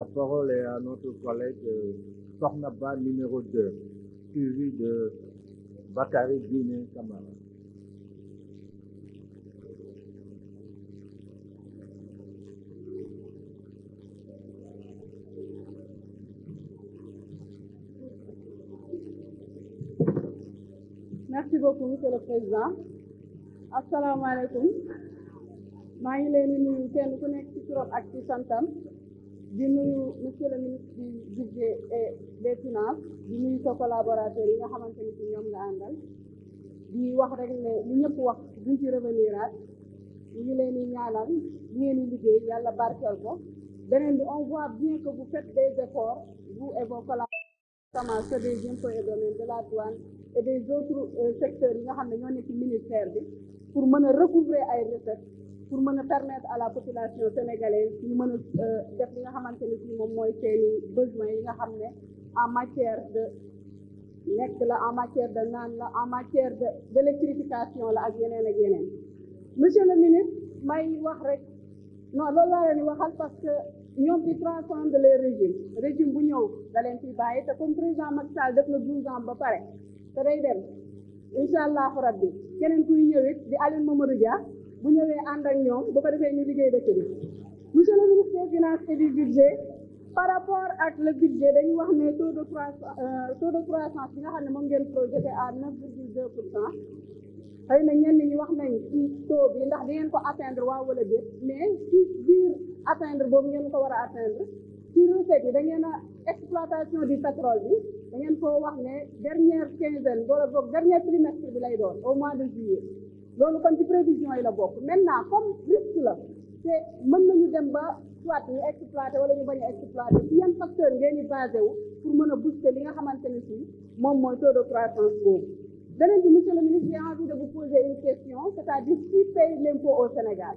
La parole est à notre collègue Sokhna euh, Ba numéro 2, suivi de Bakary Guiné Camara. Merci beaucoup monsieur le président asalaamaaleykum maa ngi leen di nuyu kenn ku nekk ci ak ci santam di nuyu monsieur le ministre du budget et des finances di nuyu sa collaborateur yi nga xamante ni ñoom nga àndal di wax rek ne li ñëpp wax duñ ci revenir at ñu ngi leen di ñaanal ñu ngeen di liggéey yàlla barkeel ko beneen bi on voit bien que vous faites des efforts vous et vos collaborateurs ceux des impôts et domaines de la douane et des autres euh, secteurs yi nga xam ne ñoo nekk ci ministère bi pour mën a recouvrer ay recettes pour mën a permettre à la population sénégalaise ñu mën a euh, def nga xamante ne moom mooy seeni besoins yi nga xam ne en matière de lekk la en matière de naan la en matière de d' électrification la ak yeneen ak yeneen monsieur le ministre may wax rek non loolu laa leen waxal parce que ñoom di transcende les régimes régime bu ñëw da leen ciy bàyyi te comme président Macky Sall def na douze ans ba pare te day dem incha rabbi keneen kuy ñëwit di Aline Mamadou bu ñëwee ànd ak ñoom bu ko defee ñu liggéey dëkk bi monsieur le ministre des finances et du budget par rapport ak le budget dañu wax ne taux de croissance euh, taux de croissance bi nga xam ne moom ngeen projeté à neuf virgule deux pour cent xëy na ñenn ñi wax nañ ci taux bi ndax di ngeen ko atteindre waaw wala déet mais ci biir atteindre boobu ngeen ko war a atteindre ci yi da ngeen a exploitation du pétrole bi da ngeen koo wax ne dernière quinzaine wala boog dernier trimestre bi lay doon au mois loolu kon ci prévision yi la bokk maintenant comme risque la te mën nañu dem ba soit ñu exploité wala ñu bañ a exploité ci yan facteur ngeen di basé pour mën a booster li nga xamante ni si moom mooy taux de croissance boobu beneen bi monsieur le ministre j'ai envie de vous poser une question c'est-à-dire qui paye l'impôt au Sénégal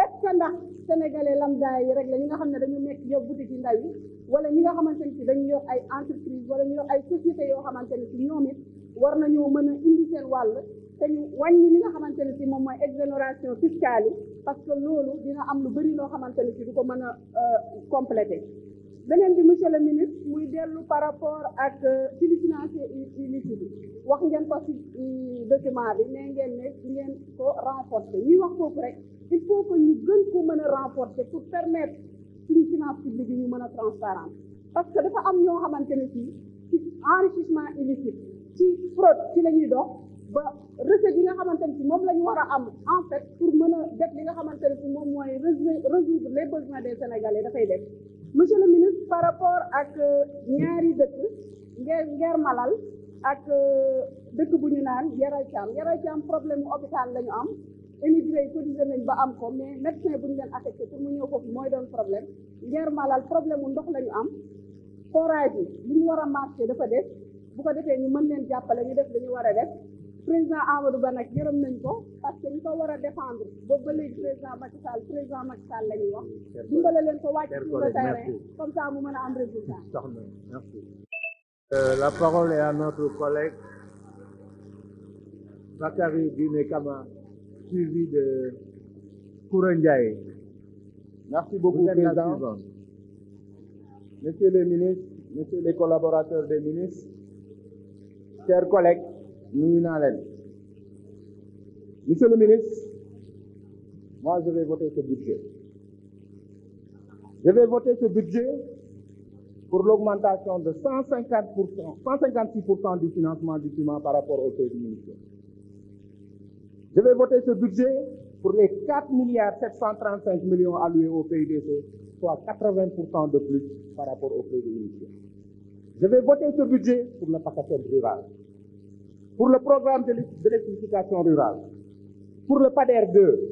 est-ce que ndax yi rek la nga xam ne dañu nekk yor boutique yi ndaw yi wala ñi nga xamante ni si dañu yor ay entreprise wala ñu yor ay société yoo xamante ni si ñoom it war nañoo mën a indi seen wàll te ñu wàññi li nga xamante ne si moom mooy exonération fiscale parce que loolu dina am lu bëri loo xamante ne si du ko mën a euh, compléter beneen bi monsieur le ministre muy dellu par rapport ak euh, ci li financier illicite wax ngeen ko ci document bi nee ngeen ne di ngeen ko renforcer ñuy wax foofu rek il faut que ñu gën ko mën a renforcer pour permettre suñu finance publique yi ñu mën a transparent parce que dafa am ñoo xamante ne si ci enrichissement illicite ci la ñuy dox ba recette yi nga xamante ne si moom la ñu war a am en fait pour mën a def li nga xamante ne si moom mooy résoudre les besoins des sénégalais dafay def monsieur le ministre par rapport ak euh, ñaari dëkk ngeer ngeer malal ak euh, dëkk bu ñu naan Yaral Thiam Yaral Thiam problème hôpital la ñu am émigré yi cotisé nañ ba am ko mais médecin bu ñu leen affecté pour mu ñëw foofu mooy doon problème ngeer malal problème mu ndox la ñu am forage yi li ñu war a marché dafa def bu ko defee ñu mën leen jàppale ñu def li ñu war a def président Amadou Ba nag gërëm nañ ko parce que ñu ko a défendre boobu ba léegi président Macky président Macky Sall wax dimbale leen ko wàcc sur le terrain comme ça mu mën a am résultat. Euh, la parole est à notre collègue Bakary Dine Kama suivi de Koura Ndiaye. merci beaucoup président monsieur le ministre monsieur les collaborateurs des ministres chers collègues. nuyu naa leen monsieur le ministre moi je vais voter ce budget je de cent cinquante pour cent pour cent du financement du par rapport au crédit initial je pour les quatre milliards sept cent trente cinq millions alloués au PIDC soit quatre de plus par rapport au crédit initial pour le programme d'électrification rurale, pour le PADER 2,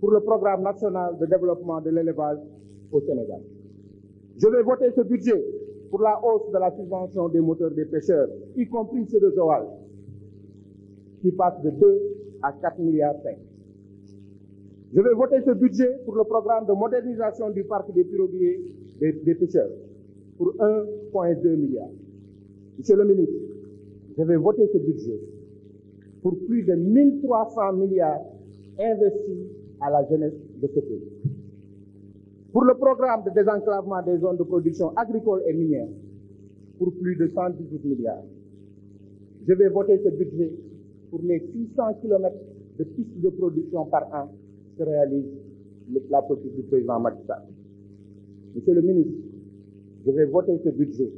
pour le programme national de développement de l'élevage au Sénégal. Je vais voter ce budget pour la hausse de la subvention des moteurs des pêcheurs, y compris ceux de Joal, qui passe de 2 à 4 milliards 5. Je vais voter ce budget pour le programme de modernisation du parc des piroguiers des, des pêcheurs, pour 1,2 milliard. Monsieur le ministre, j'avais voté ce budget pour plus de 1300 milliards investis à la jeunesse de ce pays. Pour le programme de désenclavement des zones de production agricole et minière, pour plus de 118 milliards. Je vais voter ce budget pour les 600 km de pistes de production par an que réalise le, la politique du président Macky Monsieur le ministre, je vais voter ce budget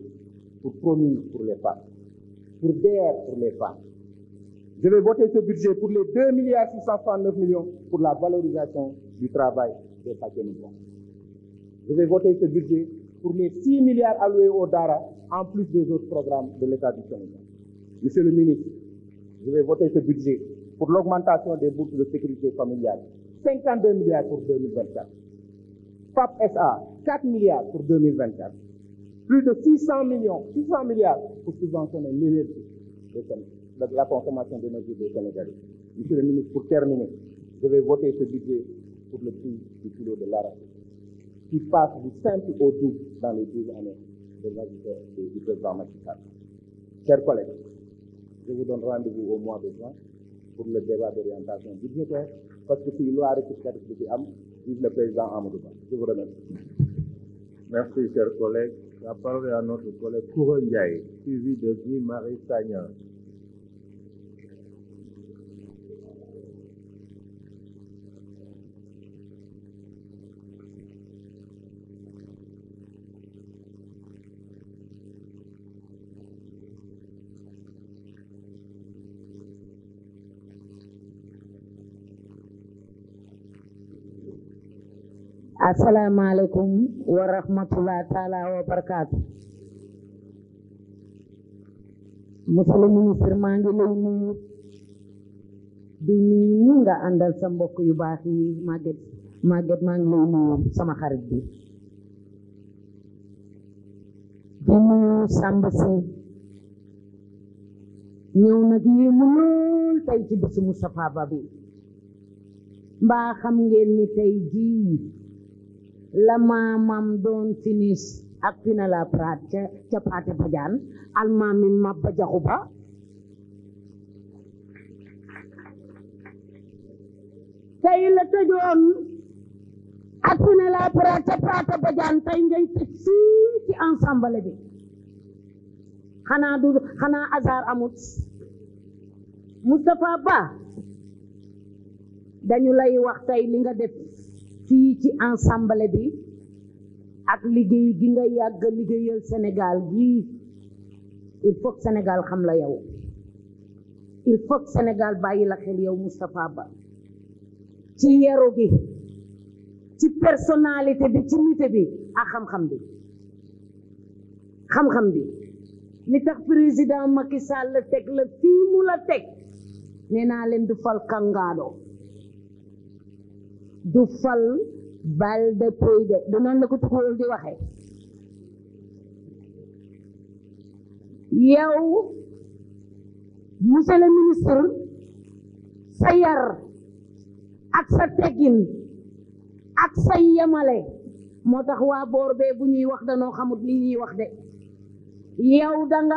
pour promis pour les femmes. pour DER pour les femmes. Je vais voter pour les 2 milliards 669 millions pour la valorisation du travail des Fakénibois. Je vais pour les 6 milliards alloués au DARA en plus des autres programmes de l'État du Sénégal. Monsieur le ministre, je vais voter ce budget pour l'augmentation des bourses de sécurité familiale, 52 milliards pour 2024. FAP SA, 4 milliards pour 2024. plus de 600 millions, 600 milliards pour subventionner l'énergie de la consommation d'énergie des Sénégalais. Monsieur le ministre, pour terminer, je vais voter ce budget pour le prix du kilo de l'arachide, qui passe du simple au double dans les 12 années de l'agriculture du président Macky Chers collègues, je vous donne rendez au mois de juin pour le débat d'orientation budgétaire, parce que si loi rectificative am, vive le président Je vous remercie. chers collègues. La parole est à notre collègue Courant suivi de Guy-Marie Sagnan. asalaamaaleykum wa rahmatullah taala wa barakaatu monsieur le ministre maa ngi lay nuyu di nuyu ñu nga àndal sa mbokk yu baax yi Maguette Maguette maa ngi lay nuyu sama xarit bi di nuyu Samb si ñëw nag yéemu lool tey ci bésu Moustapha Ba bi mbaa xam ngeen ni tey jii la maamam doon finis ak fina la ca paate bajaan almaamin mabba jaxu ba tey la tëjoon ak fina la ca paate bajaan tey ngay tëj fii ci ensemble bi xanaa du xanaa azar amut Moustapha Ba dañu lay wax tey li nga def fii ci ensemble bi ak liggéey gi nga yàgg liggéeyal Sénégal gi il faut Sénégal xam la yow il faut que Sénégal bàyyi la xel yow Moustapha Ba ci yeru gi ci personnalité bi ci nite bi ak xam-xam bi xam-xam bi li tax président Macky Sall teg la fii la teg ne naa leen du fal kangaadoo du fal bal de puy de du noonu la ko tuxul di waxee mu monsieur le ministre sa yar ak sa teggin ak sa yemale moo tax waa bor be bu ñuy wax danoo xamut li ñuy wax de yow danga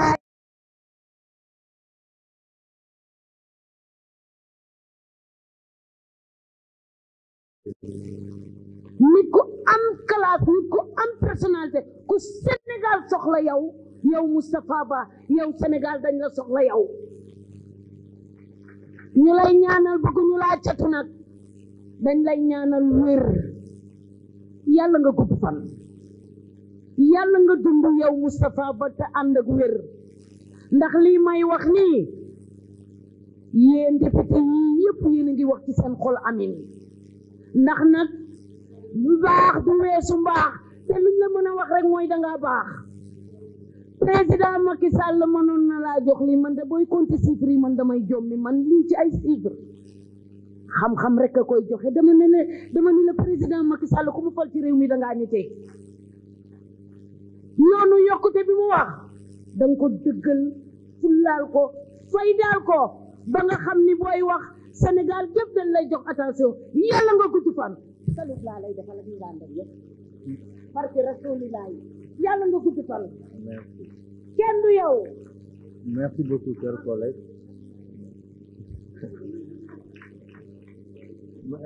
nit ku am classe nit ku am personnalité ku Sénégal soxla yow yaw Moustapha Ba yow Sénégal dañ la soxla yow ñu lay ñaanal bëgg ñu laa catu nag dañ lay ñaanal wér yàlla nga gudd fan yàlla nga dund yow Moustapha Ba te ànd ak wér ndax lii may wax nii yéen député yii yëpp yéen a ngi wax ci seen xol amin ndax nag bu baax du weesu mbaax te luñ la mën a wax rek mooy dangaa baax président Macky ma noon na laa jox li man de booy compter chiffres man damay jommi man lii ci ay chiffres xam-xam rek a koy joxe dama ne la dama ne la président Macky Sall ku mu fal ci réew mi dangaa ñite yoonu yokkute bi mu wax danga ko dëggal fullaal ko faydaal ko ba nga xam ni booy wax Sénégal gépp dañ lay jox attention yàlla nga gudd fan salut laa lay defal ak ñu daan def parce que yàlla nga gudd fan kenn du yow